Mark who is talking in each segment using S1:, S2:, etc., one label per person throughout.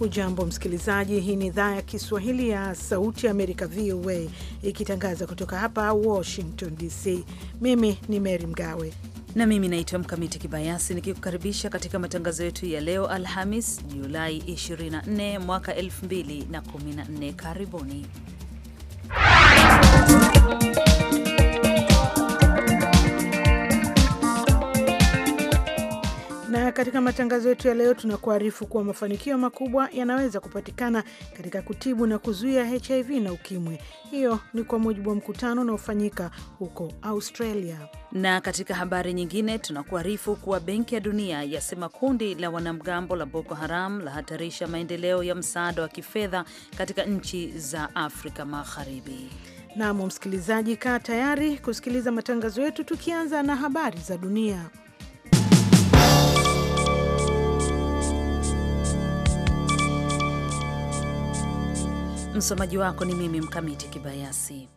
S1: Hujambo msikilizaji, hii ni idhaa ya Kiswahili ya Sauti Amerika, VOA, ikitangaza kutoka hapa Washington DC. Mimi ni Mary Mgawe
S2: na mimi naitwa Mkamiti Kibayasi nikikukaribisha katika matangazo yetu ya leo Alhamis, Julai 24 mwaka 2014. Karibuni
S1: Na katika matangazo yetu ya leo tunakuarifu kuwa mafanikio makubwa yanaweza kupatikana katika kutibu na kuzuia HIV na ukimwi. Hiyo ni kwa mujibu wa mkutano unaofanyika huko Australia.
S2: Na katika habari nyingine tunakuarifu kuwa Benki ya Dunia yasema kundi la wanamgambo la Boko Haram lahatarisha maendeleo ya msaada wa kifedha katika nchi za Afrika Magharibi.
S1: Nam msikilizaji, kaa tayari kusikiliza matangazo yetu, tukianza na habari za dunia. Msomaji wako
S2: ni mimi Mkamiti Kibayasi.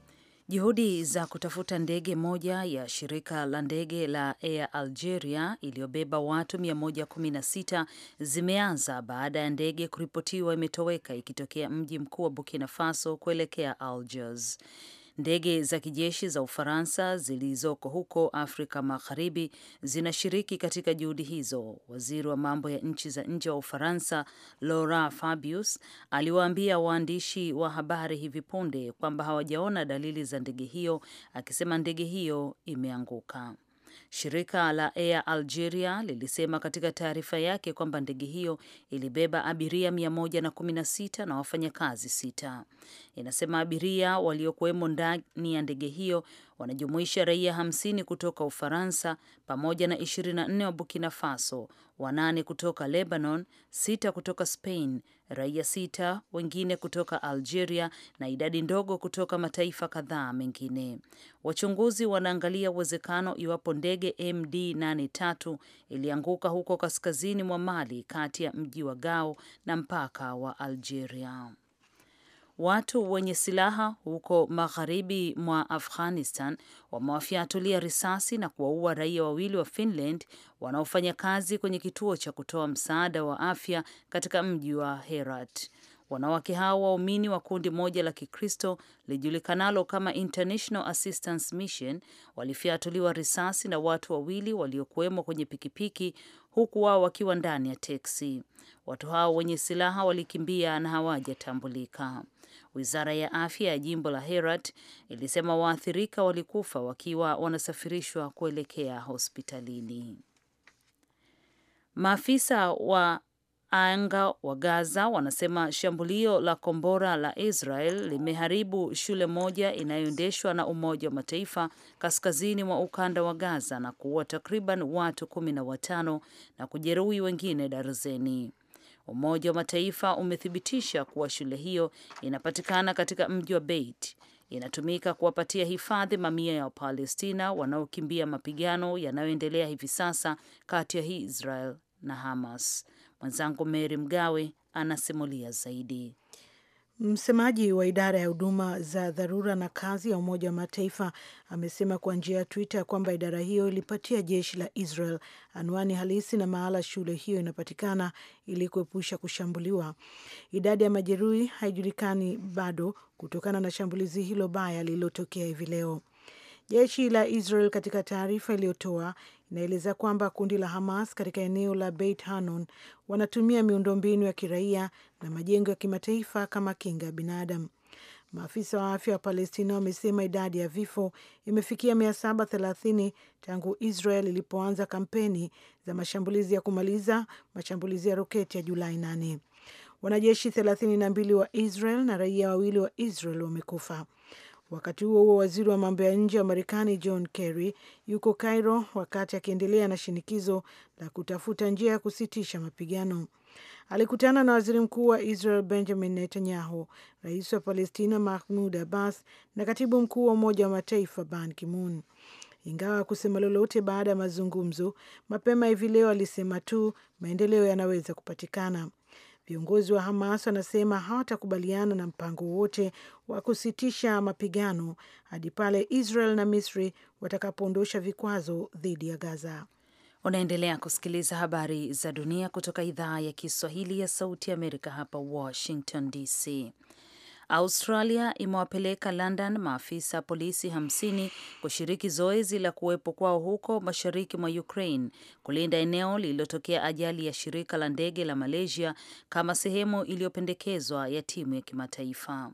S2: Juhudi za kutafuta ndege moja ya shirika la ndege la Air Algeria iliyobeba watu 116 zimeanza baada ya ndege kuripotiwa imetoweka ikitokea mji mkuu wa Burkina Faso kuelekea Algiers. Ndege za kijeshi za Ufaransa zilizoko huko Afrika Magharibi zinashiriki katika juhudi hizo. Waziri wa mambo ya nchi za nje wa Ufaransa laura Fabius aliwaambia waandishi wa habari hivi punde kwamba hawajaona dalili za ndege hiyo, akisema ndege hiyo imeanguka. Shirika la Air Algeria lilisema katika taarifa yake kwamba ndege hiyo ilibeba abiria 116 na wafanyakazi sita. Inasema abiria waliokuwemo ndani ya ndege hiyo wanajumuisha raia 50 kutoka Ufaransa pamoja na 24 wa Burkina Faso, wanane kutoka Lebanon, sita kutoka Spain raia sita wengine kutoka Algeria na idadi ndogo kutoka mataifa kadhaa mengine. Wachunguzi wanaangalia uwezekano iwapo ndege MD83 ilianguka huko kaskazini mwa Mali kati ya mji wa Gao na mpaka wa Algeria. Watu wenye silaha huko magharibi mwa Afghanistan wamewafyatulia risasi na kuwaua raia wawili wa Finland wanaofanya kazi kwenye kituo cha kutoa msaada wa afya katika mji wa Herat. Wanawake hao waumini wa kundi moja la Kikristo lijulikanalo kama International Assistance Mission walifyatuliwa risasi na watu wawili waliokuwemo kwenye pikipiki huku wao wakiwa ndani ya teksi. Watu hao wenye silaha walikimbia na hawajatambulika. Wizara ya afya ya jimbo la Herat ilisema waathirika walikufa wakiwa wanasafirishwa kuelekea hospitalini. Maafisa wa anga wa Gaza wanasema shambulio la kombora la Israel limeharibu shule moja inayoendeshwa na Umoja wa Mataifa kaskazini mwa ukanda wa Gaza na kuua takriban watu kumi na watano na kujeruhi wengine darzeni. Umoja wa Mataifa umethibitisha kuwa shule hiyo inapatikana katika mji wa Beit inatumika kuwapatia hifadhi mamia ya Wapalestina wanaokimbia mapigano yanayoendelea hivi sasa kati ya Israel na Hamas. Mwenzangu Mary Mgawe anasimulia zaidi.
S1: Msemaji wa idara ya huduma za dharura na kazi ya Umoja wa Mataifa amesema kwa njia ya Twitter kwamba idara hiyo ilipatia jeshi la Israel anwani halisi na mahala shule hiyo inapatikana ili kuepusha kushambuliwa. Idadi ya majeruhi haijulikani bado kutokana na shambulizi hilo baya lililotokea hivi leo. Jeshi la Israel katika taarifa iliyotoa inaeleza kwamba kundi la Hamas katika eneo la Beit Hanon wanatumia miundombinu ya kiraia na majengo ya kimataifa kama kinga ya binadamu. Maafisa wa afya wa Palestina wamesema idadi ya vifo imefikia 730 tangu Israel ilipoanza kampeni za mashambulizi ya kumaliza mashambulizi ya roketi ya Julai 8. Wanajeshi 32 wa Israel na raia wawili wa Israel wamekufa. Wakati huo huo, waziri wa mambo ya nje wa Marekani John Kerry yuko Cairo wakati akiendelea na shinikizo la kutafuta njia ya kusitisha mapigano. Alikutana na waziri mkuu wa Israel Benjamin Netanyahu, rais wa Palestina Mahmud Abbas na katibu mkuu wa Umoja wa Mataifa Ban Ki-moon, ingawa kusema lolote baada ya mazungumzo. Mapema hivi leo alisema tu maendeleo yanaweza kupatikana. Viongozi wa Hamas wanasema hawatakubaliana na mpango wowote wa kusitisha mapigano hadi pale Israel na Misri watakapoondosha vikwazo dhidi ya Gaza. Unaendelea kusikiliza habari za dunia kutoka idhaa
S2: ya Kiswahili ya Sauti ya Amerika hapa Washington DC. Australia imewapeleka London maafisa polisi hamsini kushiriki zoezi la kuwepo kwao huko mashariki mwa Ukraine kulinda eneo lililotokea ajali ya shirika la ndege la Malaysia kama sehemu iliyopendekezwa ya timu ya kimataifa.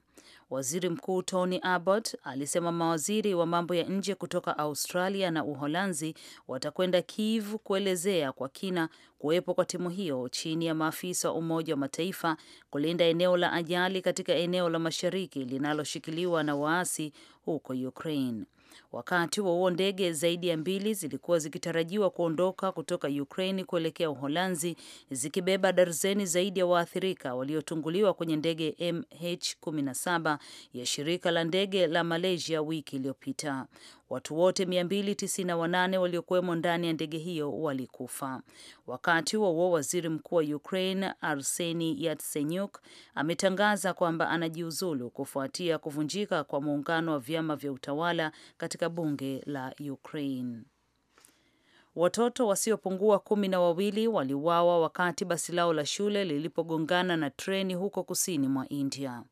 S2: Waziri Mkuu Tony Abbott alisema mawaziri wa mambo ya nje kutoka Australia na Uholanzi watakwenda Kiev kuelezea kwa kina kuwepo kwa timu hiyo chini ya maafisa wa Umoja wa Mataifa kulinda eneo la ajali katika eneo la mashariki linaloshikiliwa na waasi huko Ukraine. Wakati wa huo ndege zaidi ya mbili zilikuwa zikitarajiwa kuondoka kutoka Ukraine kuelekea Uholanzi zikibeba darzeni zaidi ya waathirika waliotunguliwa kwenye ndege MH17 ya shirika la ndege la Malaysia wiki iliyopita. Watu wote 298 waliokuwemo ndani ya ndege hiyo walikufa. Wakati huo huo, waziri mkuu wa Ukraine Arseni Yatsenyuk ametangaza kwamba anajiuzulu kufuatia kuvunjika kwa muungano wa vyama vya utawala katika bunge la Ukraine. Watoto wasiopungua kumi na wawili waliuawa wakati basi lao la shule lilipogongana na treni huko kusini mwa India.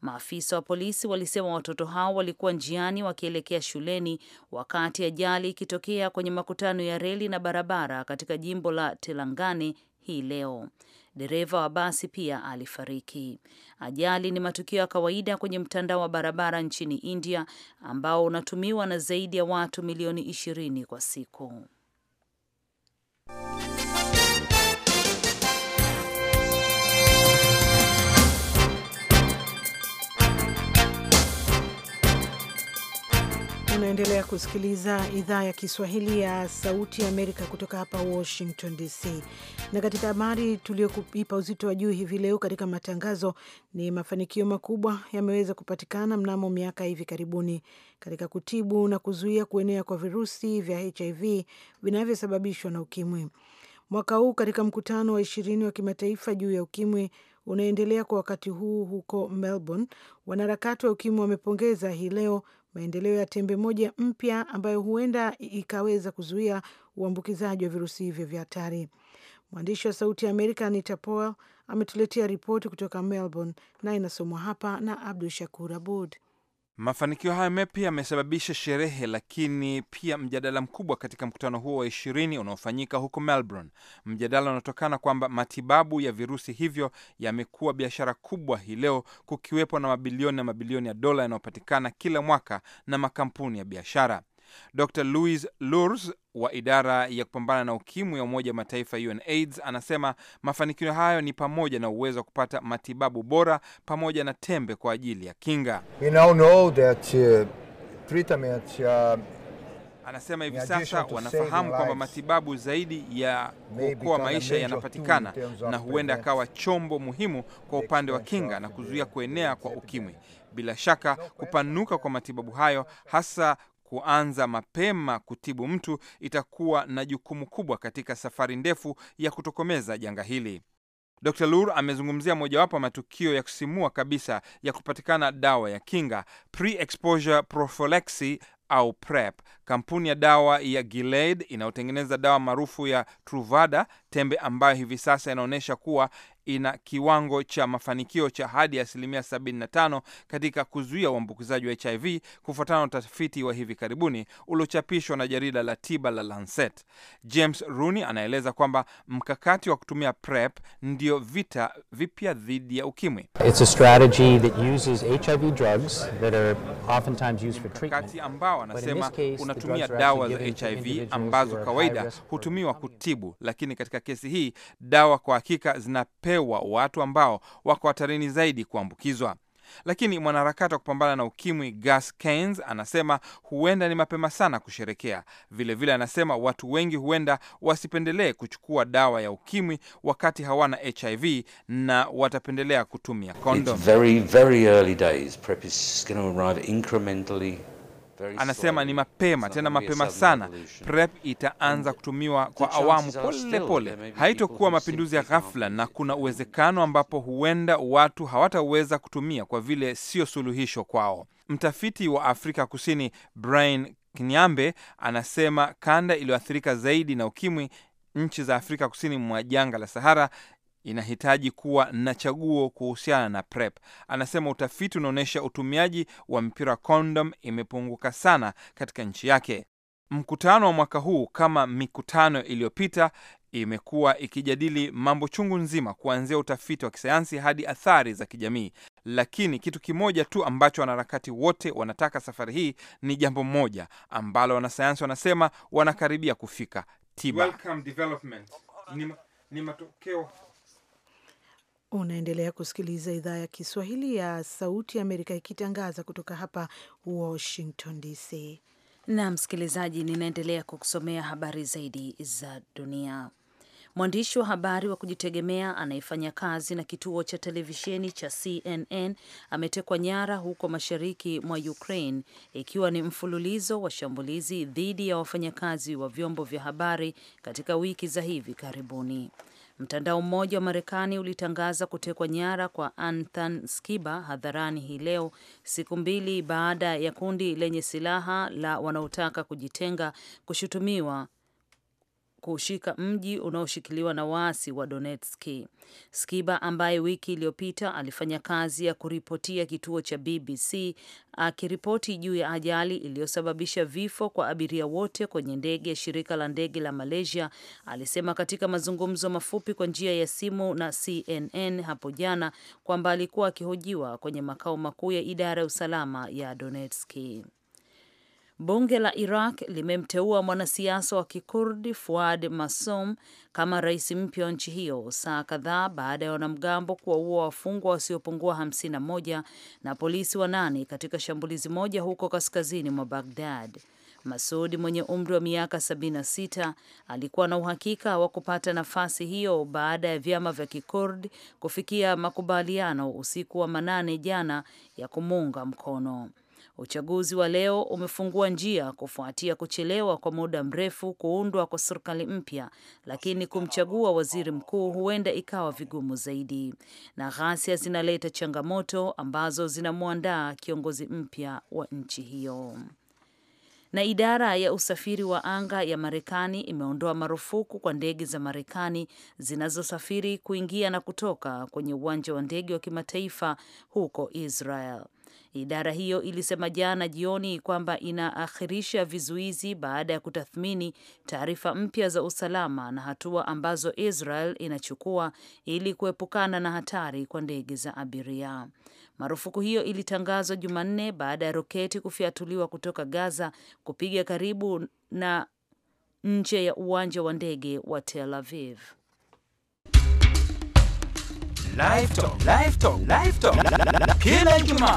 S2: Maafisa wa polisi walisema watoto hao walikuwa njiani wakielekea shuleni wakati ajali ikitokea kwenye makutano ya reli na barabara katika jimbo la Telangana hii leo. Dereva wa basi pia alifariki. Ajali ni matukio ya kawaida kwenye mtandao wa barabara nchini India ambao unatumiwa na zaidi ya watu milioni ishirini kwa siku.
S1: Unaendelea kusikiliza idhaa ya Kiswahili ya Sauti ya Amerika kutoka hapa Washington DC. Na katika habari tuliyoipa uzito wa juu hivi leo katika matangazo, ni mafanikio makubwa yameweza kupatikana mnamo miaka hivi karibuni katika kutibu na kuzuia kuenea kwa virusi vya HIV vinavyosababishwa na ukimwi. Mwaka huu katika mkutano wa ishirini wa kimataifa juu ya ukimwi unaendelea kwa wakati huu huko Melbourne, wanaharakati wa ukimwi wamepongeza hii leo maendeleo ya tembe moja mpya ambayo huenda ikaweza kuzuia uambukizaji wa virusi hivyo vya hatari. Mwandishi wa Sauti ya Amerika Anita Powell ametuletea ripoti kutoka Melbourne na inasomwa hapa na Abdu Shakur Abud.
S3: Mafanikio hayo mapya yamesababisha sherehe lakini pia mjadala mkubwa katika mkutano huo wa ishirini unaofanyika huko Melbourne. Mjadala unatokana kwamba matibabu ya virusi hivyo yamekuwa biashara kubwa hii leo, kukiwepo na mabilioni na mabilioni ya dola yanayopatikana kila mwaka na makampuni ya biashara. Dr Louis Lurs wa idara ya kupambana na ukimwi ya Umoja wa Mataifa UNAIDS anasema mafanikio hayo ni pamoja na uwezo wa kupata matibabu bora pamoja na tembe kwa ajili ya kinga. We now know that, uh, treatment, uh, anasema hivi sasa wanafahamu kwamba matibabu zaidi ya kuokoa maisha yanapatikana na huenda akawa chombo muhimu kwa upande wa kinga na kuzuia kuenea kwa ukimwi. Bila shaka kupanuka kwa matibabu hayo hasa kuanza mapema kutibu mtu itakuwa na jukumu kubwa katika safari ndefu ya kutokomeza janga hili. Dr Lur amezungumzia mojawapo matukio ya kusimua kabisa ya kupatikana dawa ya kinga, pre-exposure prophylaxis au PrEP. E Kampuni ya dawa ya Gilead inayotengeneza dawa maarufu ya Truvada, tembe ambayo hivi sasa inaonyesha kuwa ina kiwango cha mafanikio cha hadi asilimia 75 katika kuzuia uambukizaji wa HIV kufuatana na utafiti wa hivi karibuni uliochapishwa na jarida la tiba la Lancet. James Rooney anaeleza kwamba mkakati wa kutumia PrEP ndio vita vipya dhidi ya ukimwi.
S4: It's a strategy that uses HIV drugs that are oftentimes used
S3: for treatment. Mkakati ambao anasema unatumia dawa za HIV ambazo kawaida hutumiwa kutibu, lakini katika kesi hii dawa kwa hakika zina hewa watu ambao wako hatarini zaidi kuambukizwa. Lakini mwanaharakati wa kupambana na ukimwi Gus Kains anasema huenda ni mapema sana kusherekea. Vilevile vile anasema watu wengi huenda wasipendelee kuchukua dawa ya ukimwi wakati hawana HIV na watapendelea kutumia kondom. Anasema ni mapema tena mapema sana. PrEP itaanza kutumiwa kwa awamu pole pole, haitokuwa mapinduzi ya ghafla, na kuna uwezekano ambapo huenda watu hawataweza kutumia kwa vile sio suluhisho kwao. Mtafiti wa Afrika Kusini Brian Kinyambe anasema kanda iliyoathirika zaidi na ukimwi nchi za Afrika Kusini mwa jangwa la Sahara inahitaji kuwa na chaguo kuhusiana na PrEP. Anasema utafiti unaonyesha utumiaji wa mpira wa imepunguka sana katika nchi yake. Mkutano wa mwaka huu kama mikutano iliyopita imekuwa ikijadili mambo chungu nzima, kuanzia utafiti wa kisayansi hadi athari za kijamii. Lakini kitu kimoja tu ambacho wanaharakati wote wanataka safari hii ni jambo moja ambalo wanasayansi wanasema wanakaribia kufika: tiba. Welcome development. Ni, ni matokeo
S1: Unaendelea kusikiliza idhaa ya Kiswahili ya Sauti ya Amerika ikitangaza kutoka hapa Washington DC.
S2: Na msikilizaji, ninaendelea kukusomea habari zaidi za dunia. Mwandishi wa habari wa kujitegemea anayefanya kazi na kituo cha televisheni cha CNN ametekwa nyara huko mashariki mwa Ukraine, ikiwa ni mfululizo wa shambulizi dhidi ya wafanyakazi wa vyombo vya habari katika wiki za hivi karibuni. Mtandao mmoja wa Marekani ulitangaza kutekwa nyara kwa anthan skiba hadharani hii leo, siku mbili baada ya kundi lenye silaha la wanaotaka kujitenga kushutumiwa kushika mji unaoshikiliwa na waasi wa donetski Skiba ambaye wiki iliyopita alifanya kazi ya kuripotia kituo cha BBC akiripoti juu ya ajali iliyosababisha vifo kwa abiria wote kwenye ndege ya shirika la ndege la Malaysia alisema katika mazungumzo mafupi kwa njia ya simu na CNN hapo jana kwamba alikuwa akihojiwa kwenye makao makuu ya idara ya usalama ya donetski Bunge la Iraq limemteua mwanasiasa wa kikurdi Fuad Masum kama rais mpya wa nchi hiyo saa kadhaa baada ya wanamgambo kuwaua wafungwa wasiopungua 51 na polisi wanane katika shambulizi moja huko kaskazini mwa Bagdad. Masudi mwenye umri wa miaka 76 alikuwa na uhakika wa kupata nafasi hiyo baada ya vyama vya Kikurdi kufikia makubaliano usiku wa manane jana ya kumuunga mkono. Uchaguzi wa leo umefungua njia kufuatia kuchelewa kwa muda mrefu kuundwa kwa serikali mpya, lakini kumchagua waziri mkuu huenda ikawa vigumu zaidi, na ghasia zinaleta changamoto ambazo zinamwandaa kiongozi mpya wa nchi hiyo na idara ya usafiri wa anga ya Marekani imeondoa marufuku kwa ndege za Marekani zinazosafiri kuingia na kutoka kwenye uwanja wa ndege wa kimataifa huko Israel. Idara hiyo ilisema jana jioni kwamba inaakhirisha vizuizi baada ya kutathmini taarifa mpya za usalama na hatua ambazo Israel inachukua ili kuepukana na hatari kwa ndege za abiria. Marufuku hiyo ilitangazwa Jumanne baada ya roketi kufyatuliwa kutoka Gaza kupiga karibu na nje ya uwanja wa ndege wa Tel Aviv.
S3: Live talk, live talk, live talk. Kila Ijumaa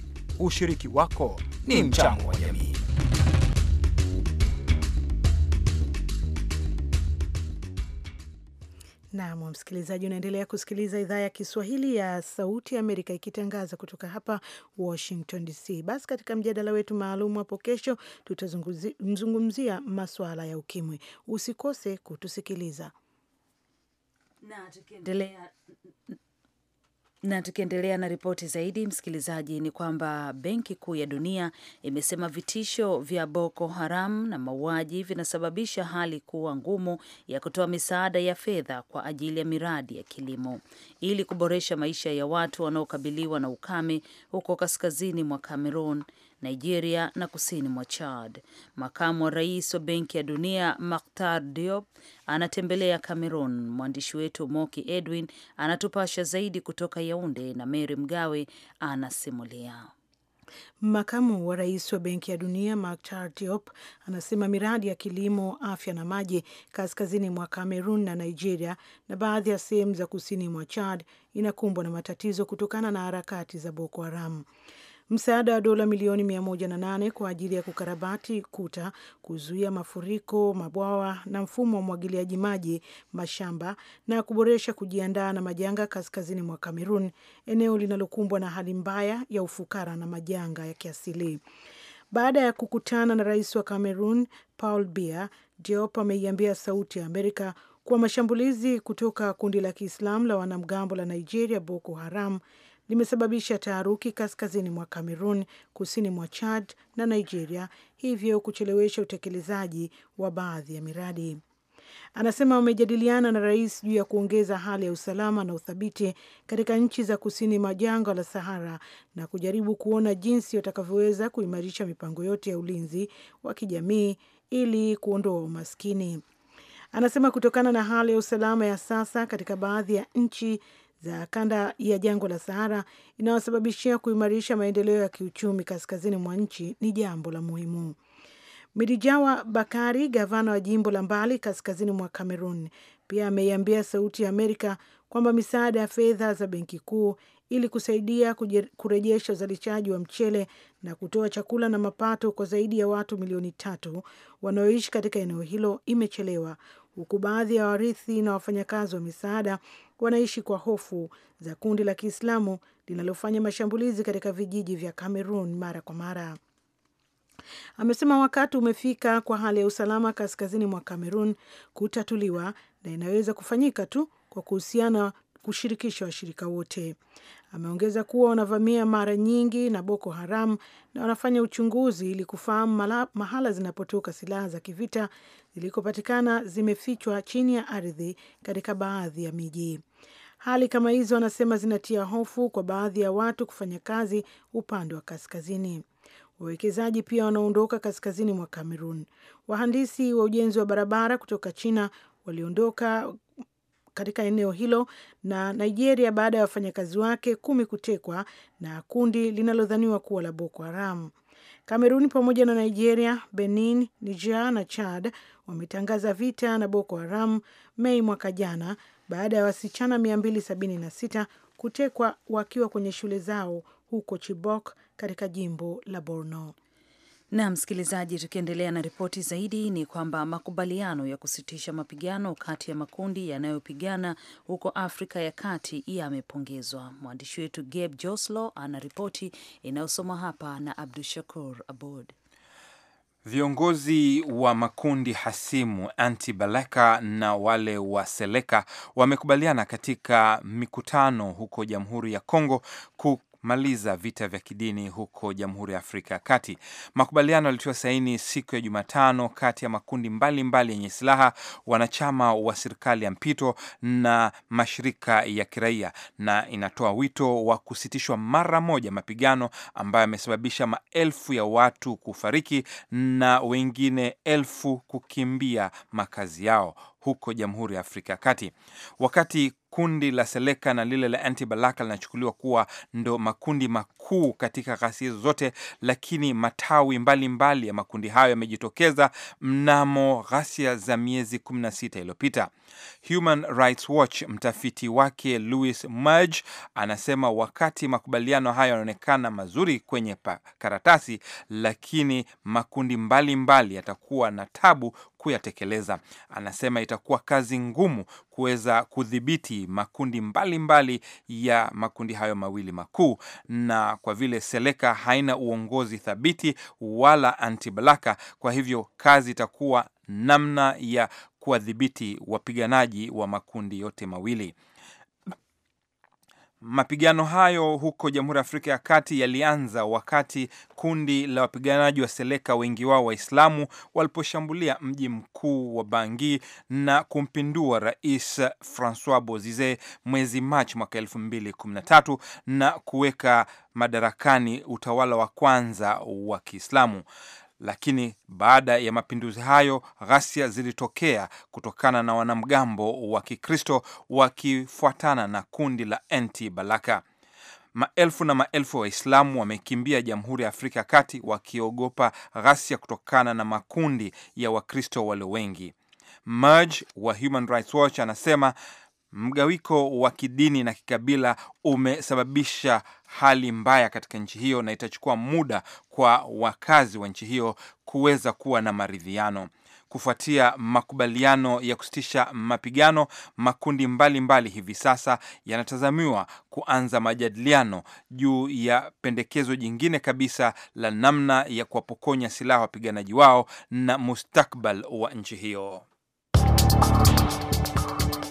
S3: Ushiriki wako ni hmm. mchango wa jamii.
S1: Nam msikilizaji, unaendelea kusikiliza idhaa ya Kiswahili ya Sauti ya Amerika ikitangaza kutoka hapa Washington DC. Basi katika mjadala wetu maalum hapo kesho, tutazungumzia maswala ya ukimwi. Usikose kutusikiliza
S2: na tukiendelea na tukiendelea na ripoti zaidi, msikilizaji, ni kwamba Benki Kuu ya Dunia imesema vitisho vya Boko Haram na mauaji vinasababisha hali kuwa ngumu ya kutoa misaada ya fedha kwa ajili ya miradi ya kilimo ili kuboresha maisha ya watu wanaokabiliwa na ukame huko kaskazini mwa Cameroon. Nigeria na kusini mwa Chad. Makamu wa rais wa Benki ya Dunia Makhtar Diop anatembelea Cameroon. Mwandishi wetu Moki Edwin anatupasha zaidi kutoka Yaunde na Mary Mgawe anasimulia.
S1: Makamu wa rais wa Benki ya Dunia Makhtar Diop anasema miradi ya kilimo, afya na maji kaskazini mwa Kamerun na Nigeria na baadhi ya sehemu za kusini mwa Chad inakumbwa na matatizo kutokana na harakati za Boko Haram msaada wa dola milioni 108 kwa ajili ya kukarabati kuta, kuzuia mafuriko, mabwawa na mfumo wa umwagiliaji maji mashamba, na kuboresha kujiandaa na majanga kaskazini mwa Kamerun, eneo linalokumbwa na hali mbaya ya ufukara na majanga ya kiasili. Baada ya kukutana na rais wa cameron Paul Bia, Diop ameiambia Sauti ya Amerika kuwa mashambulizi kutoka kundi la Kiislamu la wanamgambo la Nigeria Boko Haram limesababisha taharuki kaskazini mwa Cameroon, kusini mwa Chad na Nigeria, hivyo kuchelewesha utekelezaji wa baadhi ya miradi. Anasema wamejadiliana na rais juu ya kuongeza hali ya usalama na uthabiti katika nchi za kusini mwa jangwa la Sahara na kujaribu kuona jinsi watakavyoweza kuimarisha mipango yote ya ulinzi wa kijamii ili kuondoa umaskini. Anasema kutokana na hali ya usalama ya sasa katika baadhi ya nchi za kanda ya jangwa la Sahara inayosababishia kuimarisha maendeleo ya kiuchumi kaskazini mwa nchi ni jambo la muhimu. Mirijawa Bakari, gavana wa jimbo la mbali kaskazini mwa Cameroon, pia ameiambia Sauti ya Amerika kwamba misaada ya fedha za benki kuu ili kusaidia kurejesha uzalishaji wa mchele na kutoa chakula na mapato kwa zaidi ya watu milioni tatu wanaoishi katika eneo hilo imechelewa, huku baadhi ya warithi na wafanyakazi wa misaada wanaishi kwa hofu za kundi la Kiislamu linalofanya mashambulizi katika vijiji vya Cameroon mara kwa mara. Amesema wakati umefika kwa hali ya usalama kaskazini mwa Cameroon kutatuliwa na inaweza kufanyika tu kwa kuhusiana kushirikisha washirika wote. Ameongeza kuwa wanavamia mara nyingi na Boko Haram na wanafanya uchunguzi ili kufahamu mahala zinapotoka silaha za kivita zilikopatikana zimefichwa chini ya ardhi katika baadhi ya miji. Hali kama hizo, anasema zinatia hofu kwa baadhi ya watu kufanya kazi upande wa kaskazini. Wawekezaji pia wanaondoka kaskazini mwa Kamerun. Wahandisi wa ujenzi wa barabara kutoka China waliondoka katika eneo hilo na Nigeria baada ya wafanyakazi wake kumi kutekwa na kundi linalodhaniwa kuwa la Boko Haram. Kameruni pamoja na Nigeria, Benin, Niger na Chad wametangaza vita na Boko Haram Mei mwaka jana baada ya wasichana 276 kutekwa wakiwa kwenye shule zao huko Chibok katika jimbo la Borno.
S2: Na msikilizaji, tukiendelea na ripoti zaidi ni kwamba makubaliano ya kusitisha mapigano kati ya makundi yanayopigana huko Afrika ya Kati yamepongezwa. Mwandishi wetu Gabe Joslo ana ripoti inayosoma hapa na Abdu Shakur Abud.
S3: Viongozi wa makundi hasimu Anti-Baleka na wale wa Seleka wamekubaliana katika mikutano huko Jamhuri ya Kongo kumaliza vita vya kidini huko Jamhuri ya Afrika ya Kati. Makubaliano yalitiwa saini siku ya Jumatano kati ya makundi mbalimbali yenye mbali silaha, wanachama wa serikali ya mpito na mashirika ya kiraia, na inatoa wito wa kusitishwa mara moja mapigano ambayo yamesababisha maelfu ya watu kufariki na wengine elfu kukimbia makazi yao huko Jamhuri ya Afrika ya Kati. Wakati kundi la Seleka na lile la antibalaka linachukuliwa kuwa ndo makundi makuu katika ghasia hizo zote, lakini matawi mbalimbali mbali ya makundi hayo yamejitokeza mnamo ghasia za miezi 16 iliyopita. Human Rights Watch, mtafiti wake Louis Mudge anasema wakati makubaliano hayo yanaonekana mazuri kwenye karatasi, lakini makundi mbalimbali yatakuwa na tabu kuyatekeleza. Anasema itakuwa kazi ngumu kuweza kudhibiti makundi mbalimbali mbali ya makundi hayo mawili makuu, na kwa vile Seleka haina uongozi thabiti wala antiblaka kwa hivyo kazi itakuwa namna ya kuwadhibiti wapiganaji wa makundi yote mawili. Mapigano hayo huko Jamhuri ya Afrika ya Kati yalianza wakati kundi la wapiganaji wa Seleka, wengi wao Waislamu, waliposhambulia mji mkuu wa Bangi na kumpindua Rais Francois Bozize mwezi Machi mwaka elfu mbili kumi na tatu na kuweka madarakani utawala wa kwanza wa Kiislamu lakini baada ya mapinduzi hayo ghasia zilitokea kutokana na wanamgambo wa Kikristo wakifuatana na kundi la Anti Balaka. Maelfu na maelfu ya Waislamu wamekimbia Jamhuri ya Afrika ya Kati wakiogopa ghasia kutokana na makundi ya Wakristo walio wengi. merj wa Human Rights Watch anasema mgawiko wa kidini na kikabila umesababisha hali mbaya katika nchi hiyo na itachukua muda kwa wakazi wa nchi hiyo kuweza kuwa na maridhiano. Kufuatia makubaliano ya kusitisha mapigano, makundi mbalimbali mbali hivi sasa yanatazamiwa kuanza majadiliano juu ya pendekezo jingine kabisa la namna ya kuwapokonya silaha wapiganaji wao na mustakbal wa nchi hiyo.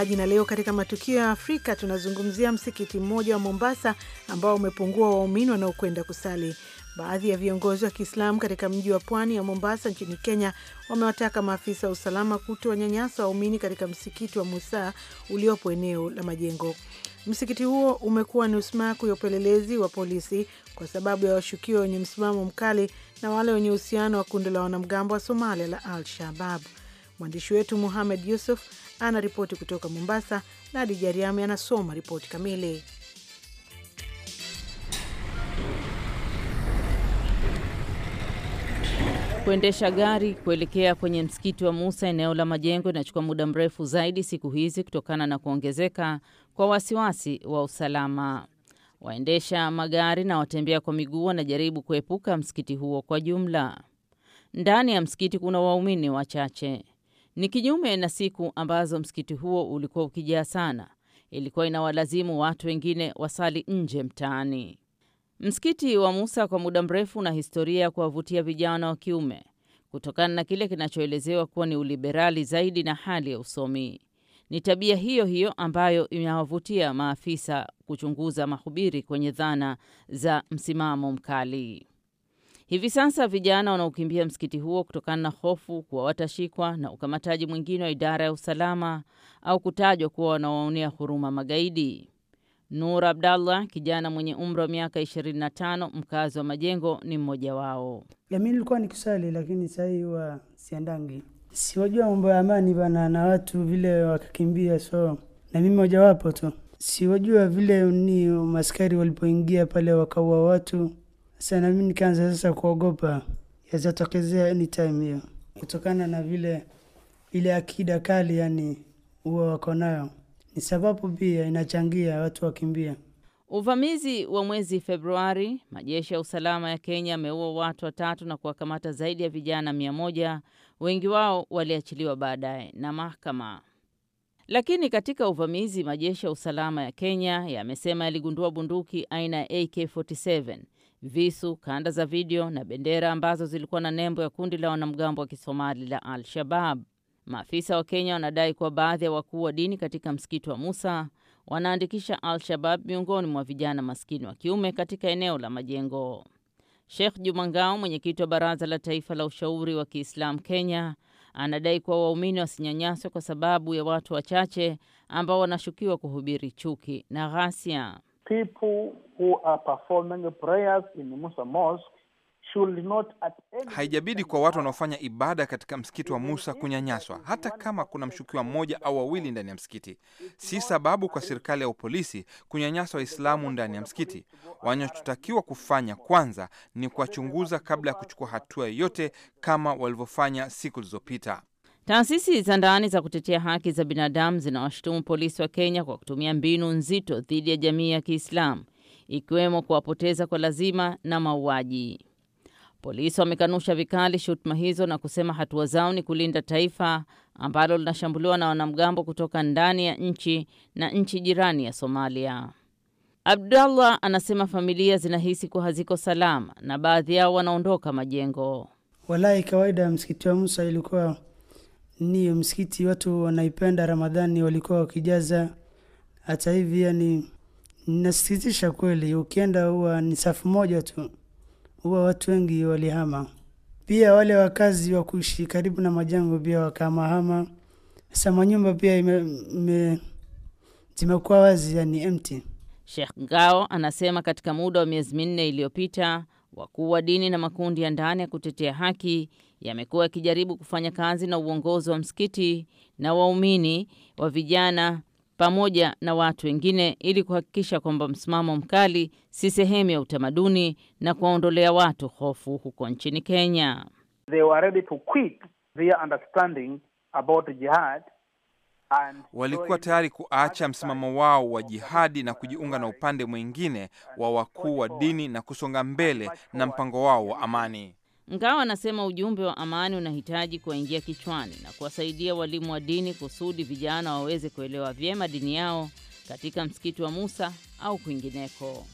S1: msikilizaji, na leo katika matukio ya Afrika tunazungumzia msikiti mmoja wa Mombasa ambao umepungua waumini wanaokwenda kusali. Baadhi ya viongozi wa Kiislamu katika mji wa pwani ya Mombasa nchini Kenya wamewataka maafisa wa usalama kutowanyanyasa waumini katika msikiti wa Musaa uliopo eneo la Majengo. Msikiti huo umekuwa ni sumaku ya upelelezi wa polisi kwa sababu ya washukiwa wenye msimamo mkali na wale wenye uhusiano wa kundi la wanamgambo wa Somalia la Al Shabab. Mwandishi wetu Muhamed Yusuf anaripoti kutoka Mombasa na Adi Riami anasoma ripoti
S5: kamili. Kuendesha gari kuelekea kwenye msikiti wa Musa eneo la Majengo inachukua muda mrefu zaidi siku hizi kutokana na kuongezeka kwa wasiwasi wa usalama. Waendesha magari na watembea kwa miguu wanajaribu kuepuka msikiti huo kwa jumla. Ndani ya msikiti kuna waumini wachache. Ni kinyume na siku ambazo msikiti huo ulikuwa ukijaa sana, ilikuwa inawalazimu watu wengine wasali nje mtaani. Msikiti wa Musa kwa muda mrefu una historia ya kuwavutia vijana wa kiume kutokana na kile kinachoelezewa kuwa ni uliberali zaidi na hali ya usomi. Ni tabia hiyo hiyo ambayo inawavutia maafisa kuchunguza mahubiri kwenye dhana za msimamo mkali. Hivi sasa vijana wanaokimbia msikiti huo kutokana na hofu kuwa watashikwa na ukamataji mwingine wa idara ya usalama au kutajwa kuwa wanawaonea huruma magaidi. Nur Abdallah, kijana mwenye umri wa miaka 25, mkazi wa Majengo, ni
S4: mmoja wao. Mimi nilikuwa nikisali, lakini saa hii huwa siandangi, siwajua mambo ya amani bana, na watu vile wakakimbia, so na mimi mojawapo tu siwajua vile ni maskari walipoingia pale wakaua watu sana mi nikaanza sasa kuogopa yazatokezea anytime hiyo, kutokana na vile ile akida kali yani huwa wako nayo. Ni sababu pia inachangia watu wakimbia.
S5: Uvamizi wa mwezi Februari, majeshi ya usalama ya Kenya yameua watu watatu na kuwakamata zaidi ya vijana mia moja. Wengi wao waliachiliwa baadaye na mahakama. Lakini katika uvamizi, majeshi ya usalama ya Kenya yamesema yaligundua bunduki aina ya AK47 visu, kanda za video na bendera ambazo zilikuwa na nembo ya kundi la wanamgambo wa Kisomali la Al-Shabab. Maafisa wa Kenya wanadai kuwa baadhi ya wakuu wa dini katika msikiti wa Musa wanaandikisha Al-Shabab miongoni mwa vijana maskini wa kiume katika eneo la majengo. Sheikh Juma Ngao, mwenyekiti wa Baraza la Taifa la Ushauri wa Kiislamu Kenya, anadai kuwa waumini wasinyanyaswe kwa sababu ya watu wachache ambao wanashukiwa kuhubiri chuki na
S3: ghasia. Haijabidi kwa watu wanaofanya ibada katika msikiti wa Musa kunyanyaswa, hata kama kuna mshukiwa mmoja au wawili ndani ya msikiti. Si sababu kwa serikali au polisi kunyanyasa Waislamu ndani ya msikiti. Wanachotakiwa kufanya kwanza ni kuwachunguza kabla ya kuchukua hatua yoyote, kama walivyofanya siku zilizopita. Taasisi
S5: za ndani za kutetea haki za binadamu zinawashutumu polisi wa Kenya kwa kutumia mbinu nzito dhidi ya jamii ya Kiislamu ikiwemo kuwapoteza kwa lazima na mauaji. Polisi wamekanusha vikali shutuma hizo na kusema hatua zao ni kulinda taifa ambalo linashambuliwa na wanamgambo kutoka ndani ya nchi na nchi jirani ya Somalia. Abdullah anasema familia zinahisi kuwa haziko salama na baadhi yao wanaondoka majengo.
S4: Walai, kawaida ya msikiti wa Musa ilikuwa ni msikiti watu wanaipenda Ramadhani, walikuwa wakijaza. Hata hivi yani, nasikitisha kweli, ukienda huwa ni safu moja tu, huwa watu wengi walihama. Pia wale wakazi wa kuishi karibu na majengo pia wakahamahama. Sasa manyumba pia zimekuwa wazi, yani mt
S5: shekh Ngao anasema katika muda wa miezi minne iliyopita Wakuu wa dini na makundi ya ndani ya kutetea haki yamekuwa yakijaribu kufanya kazi na uongozi wa msikiti na waumini wa vijana pamoja na watu wengine ili kuhakikisha kwamba msimamo mkali si sehemu ya utamaduni na kuwaondolea watu hofu
S3: huko nchini Kenya. They were ready to quit their understanding about jihad walikuwa tayari kuacha msimamo wao wa jihadi na kujiunga na upande mwingine wa wakuu wa dini na kusonga mbele na mpango wao wa amani.
S5: Ngawa anasema ujumbe wa amani unahitaji kuwaingia kichwani na kuwasaidia walimu wa dini kusudi vijana waweze kuelewa vyema dini yao katika msikiti wa Musa au kwingineko.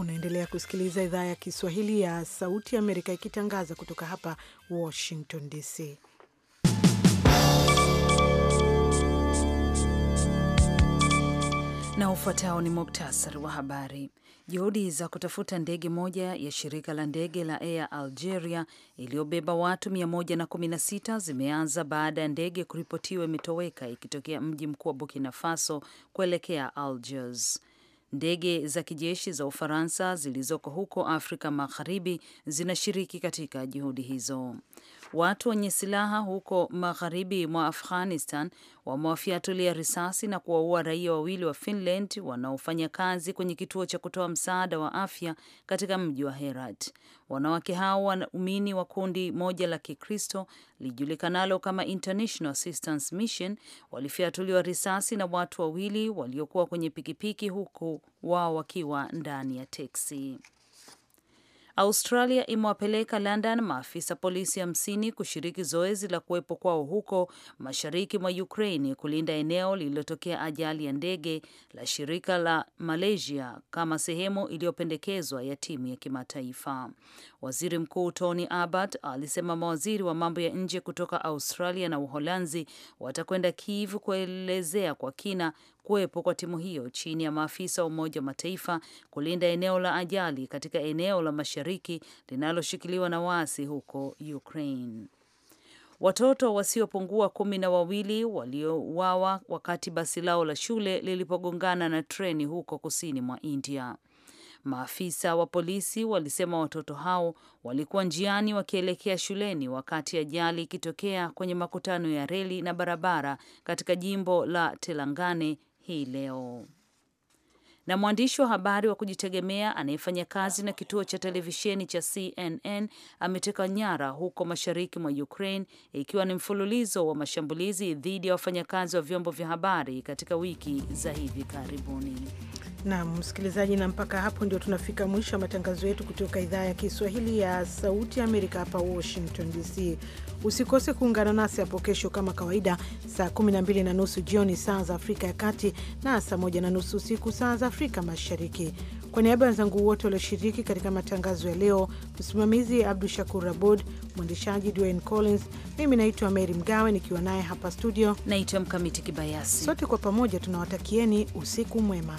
S1: Unaendelea kusikiliza idhaa ya Kiswahili ya Sauti ya Amerika ikitangaza kutoka hapa Washington DC. Na ufuatao ni muktasari
S2: wa habari. Juhudi za kutafuta ndege moja ya shirika la ndege la Air Algeria iliyobeba watu 116 zimeanza baada ya ndege kuripotiwa imetoweka ikitokea mji mkuu wa Burkina Faso kuelekea Algiers. Ndege za kijeshi za Ufaransa zilizoko huko Afrika Magharibi zinashiriki katika juhudi hizo. Watu wenye silaha huko magharibi mwa Afghanistan wamewafyatulia risasi na kuwaua raia wawili wa Finland wanaofanya kazi kwenye kituo cha kutoa msaada wa afya katika mji wa Herat. Wanawake hao waumini wa kundi moja la Kikristo lijulikanalo kama International Assistance Mission walifyatuliwa risasi na watu wawili waliokuwa kwenye pikipiki huku wao wakiwa ndani ya teksi. Australia imewapeleka London maafisa polisi hamsini kushiriki zoezi la kuwepo kwao huko mashariki mwa Ukraine kulinda eneo lililotokea ajali ya ndege la shirika la Malaysia kama sehemu iliyopendekezwa ya timu ya kimataifa. Waziri Mkuu Tony Abbott alisema mawaziri wa mambo ya nje kutoka Australia na Uholanzi watakwenda Kiev kuelezea kwa kina kuwepo kwa timu hiyo chini ya maafisa wa Umoja wa Mataifa kulinda eneo la ajali katika eneo la mashariki linaloshikiliwa na waasi huko Ukraine. Watoto wasiopungua kumi na wawili waliouawa wakati basi lao la shule lilipogongana na treni huko kusini mwa India. Maafisa wa polisi walisema watoto hao walikuwa njiani wakielekea shuleni wakati ajali ikitokea kwenye makutano ya reli na barabara katika jimbo la Telangane hii leo na mwandishi wa habari wa kujitegemea anayefanya kazi na kituo cha televisheni cha CNN ameteka nyara huko mashariki mwa Ukraine, ikiwa ni mfululizo wa mashambulizi dhidi ya wafanyakazi wa vyombo vya habari katika wiki za hivi karibuni.
S1: Naam msikilizaji, na mpaka hapo ndio tunafika mwisho wa matangazo yetu kutoka idhaa ya Kiswahili ya Sauti ya Amerika hapa Washington DC. Usikose kuungana nasi hapo kesho kama kawaida, saa 12 na nusu jioni saa za Afrika ya Kati na saa 1 na nusu usiku saa za Afrika Mashariki. Kwa niaba ya wenzangu wote walioshiriki katika matangazo ya leo, msimamizi Abdu Shakur Abud, mwendeshaji Dwayne Collins, mimi naitwa Mary Mgawe nikiwa naye hapa studio, naitwa Mkamiti Kibayasi. Sote kwa pamoja tunawatakieni usiku mwema.